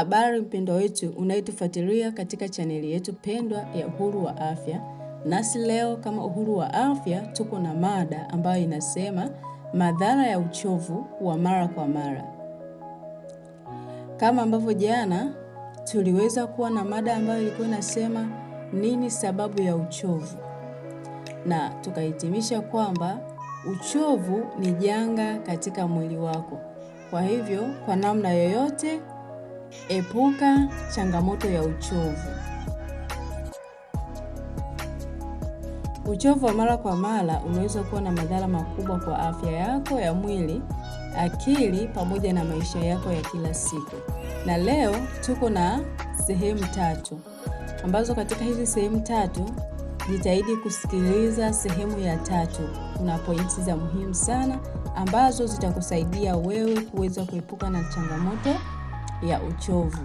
Habari mpendwa wetu unayetufuatilia katika chaneli yetu pendwa ya Uhuru wa Afya, nasi leo kama Uhuru wa Afya tuko na mada ambayo inasema madhara ya uchovu wa mara kwa mara. Kama ambavyo jana tuliweza kuwa na mada ambayo ilikuwa inasema nini sababu ya uchovu, na tukahitimisha kwamba uchovu ni janga katika mwili wako. Kwa hivyo, kwa namna yoyote Epuka changamoto ya uchovu. Uchovu wa mara kwa mara unaweza kuwa na madhara makubwa kwa afya yako ya mwili, akili pamoja na maisha yako ya kila siku. Na leo tuko na sehemu tatu ambazo katika hizi sehemu tatu jitahidi kusikiliza sehemu ya tatu. Kuna pointi za muhimu sana ambazo zitakusaidia wewe kuweza kuepuka na changamoto ya uchovu.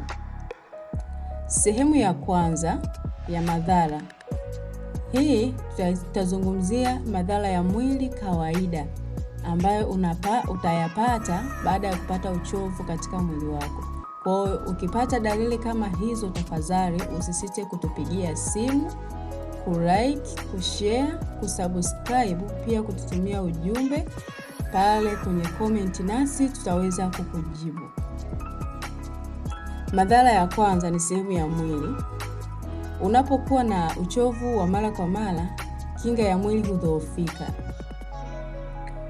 Sehemu ya kwanza ya madhara. Hii tutazungumzia madhara ya mwili kawaida ambayo unapa, utayapata baada ya kupata uchovu katika mwili wako. Kwa hiyo ukipata dalili kama hizo, tafadhali usisite kutupigia simu, kulike, kushare, kusubscribe, pia kututumia ujumbe pale kwenye komenti, nasi tutaweza kukujibu. Madhara ya kwanza ni sehemu ya mwili. Unapokuwa na uchovu wa mara kwa mara, kinga ya mwili hudhoofika,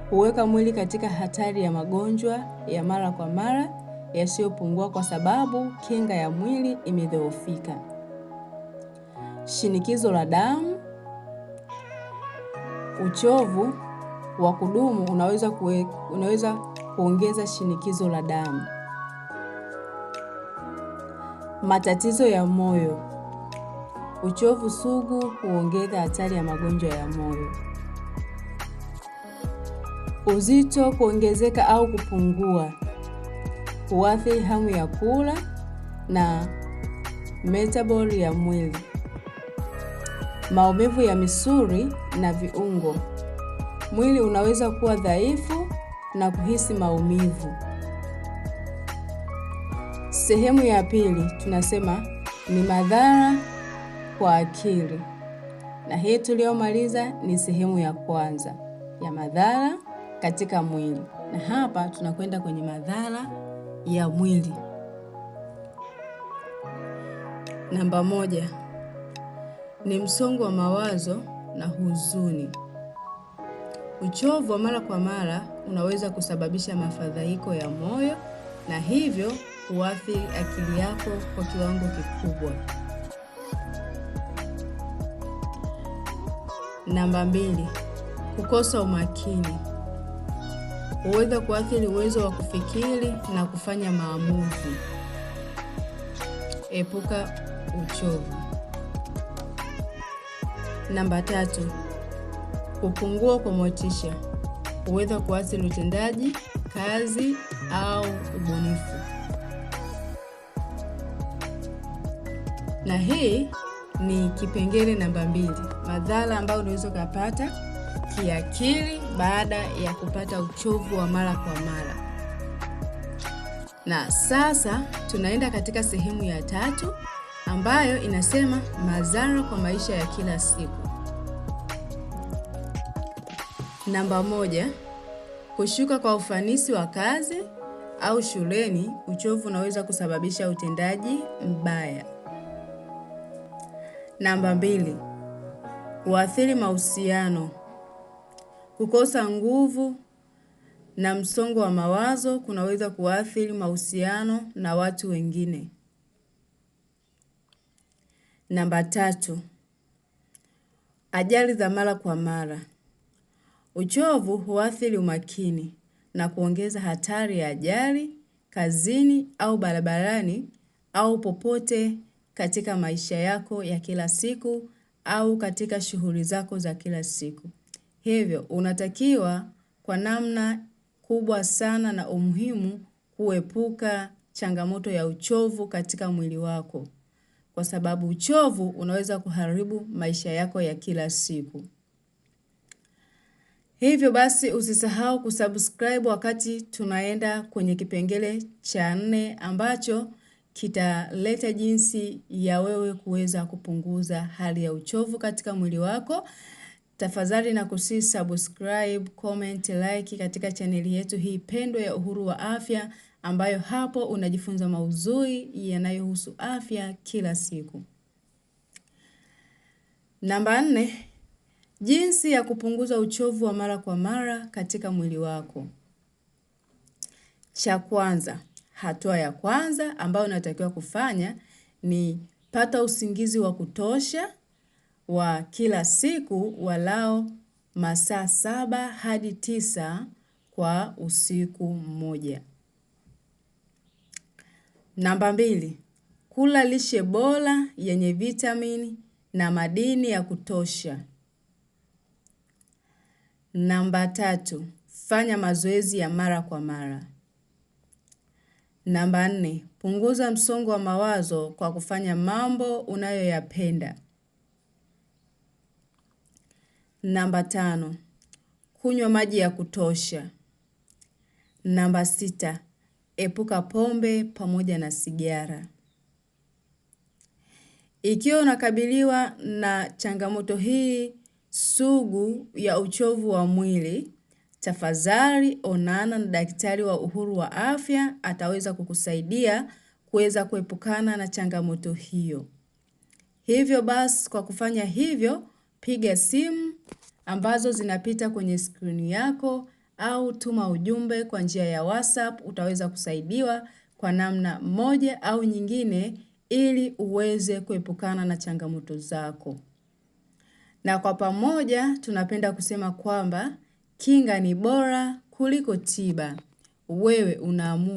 huweka mwili katika hatari ya magonjwa ya mara kwa mara yasiyopungua kwa sababu kinga ya mwili imedhoofika. Shinikizo la damu. Uchovu wa kudumu unaweza kuongeza shinikizo la damu. Matatizo ya moyo. Uchovu sugu huongeza hatari ya magonjwa ya moyo. Uzito kuongezeka au kupungua huathiri hamu ya kula na metaboli ya mwili. Maumivu ya misuli na viungo. Mwili unaweza kuwa dhaifu na kuhisi maumivu. Sehemu ya pili tunasema ni madhara kwa akili, na hii tuliyomaliza ni sehemu ya kwanza ya madhara katika mwili, na hapa tunakwenda kwenye madhara ya mwili. Namba moja ni msongo wa mawazo na huzuni. Uchovu wa mara kwa mara unaweza kusababisha mafadhaiko ya moyo na hivyo huathiri akili yako kwa kiwango kikubwa. Namba mbili, kukosa umakini huweza kuathiri uwezo wa kufikiri na kufanya maamuzi. Epuka uchovu. Namba tatu, kupungua kwa motisha huweza kuathiri utendaji kazi au ubunifu. na hii ni kipengele namba mbili, madhara ambayo unaweza ukapata kiakili baada ya kupata uchovu wa mara kwa mara. Na sasa tunaenda katika sehemu ya tatu ambayo inasema madhara kwa maisha ya kila siku. Namba moja, kushuka kwa ufanisi wa kazi au shuleni. Uchovu unaweza kusababisha utendaji mbaya. Namba mbili, huathiri mahusiano. Kukosa nguvu na msongo wa mawazo kunaweza kuathiri mahusiano na watu wengine. Namba tatu, ajali za mara kwa mara. Uchovu huathiri umakini na kuongeza hatari ya ajali, kazini au barabarani au popote katika maisha yako ya kila siku au katika shughuli zako za kila siku. Hivyo, unatakiwa kwa namna kubwa sana na umuhimu kuepuka changamoto ya uchovu katika mwili wako. Kwa sababu uchovu unaweza kuharibu maisha yako ya kila siku. Hivyo basi usisahau kusubscribe wakati tunaenda kwenye kipengele cha nne ambacho kitaleta jinsi ya wewe kuweza kupunguza hali ya uchovu katika mwili wako. Tafadhali nakusihi subscribe, comment, like katika chaneli yetu hii pendwa ya Uhuru wa Afya ambayo hapo unajifunza mauzui yanayohusu afya kila siku. Namba nne, jinsi ya kupunguza uchovu wa mara kwa mara katika mwili wako. Cha kwanza hatua ya kwanza ambayo unatakiwa kufanya ni pata usingizi wa kutosha wa kila siku walao masaa saba hadi tisa kwa usiku mmoja. Namba mbili, kula lishe bora yenye vitamini na madini ya kutosha. Namba tatu, fanya mazoezi ya mara kwa mara. Namba nne, punguza msongo wa mawazo kwa kufanya mambo unayoyapenda. Namba tano, kunywa maji ya kutosha. Namba sita, epuka pombe pamoja na sigara. Ikiwa unakabiliwa na changamoto hii sugu ya uchovu wa mwili, tafadhali onana na daktari wa Uhuru wa Afya, ataweza kukusaidia kuweza kuepukana na changamoto hiyo. Hivyo basi, kwa kufanya hivyo, piga simu ambazo zinapita kwenye skrini yako au tuma ujumbe kwa njia ya WhatsApp. Utaweza kusaidiwa kwa namna moja au nyingine ili uweze kuepukana na changamoto zako. Na kwa pamoja tunapenda kusema kwamba Kinga ni bora kuliko tiba. Wewe unaamua.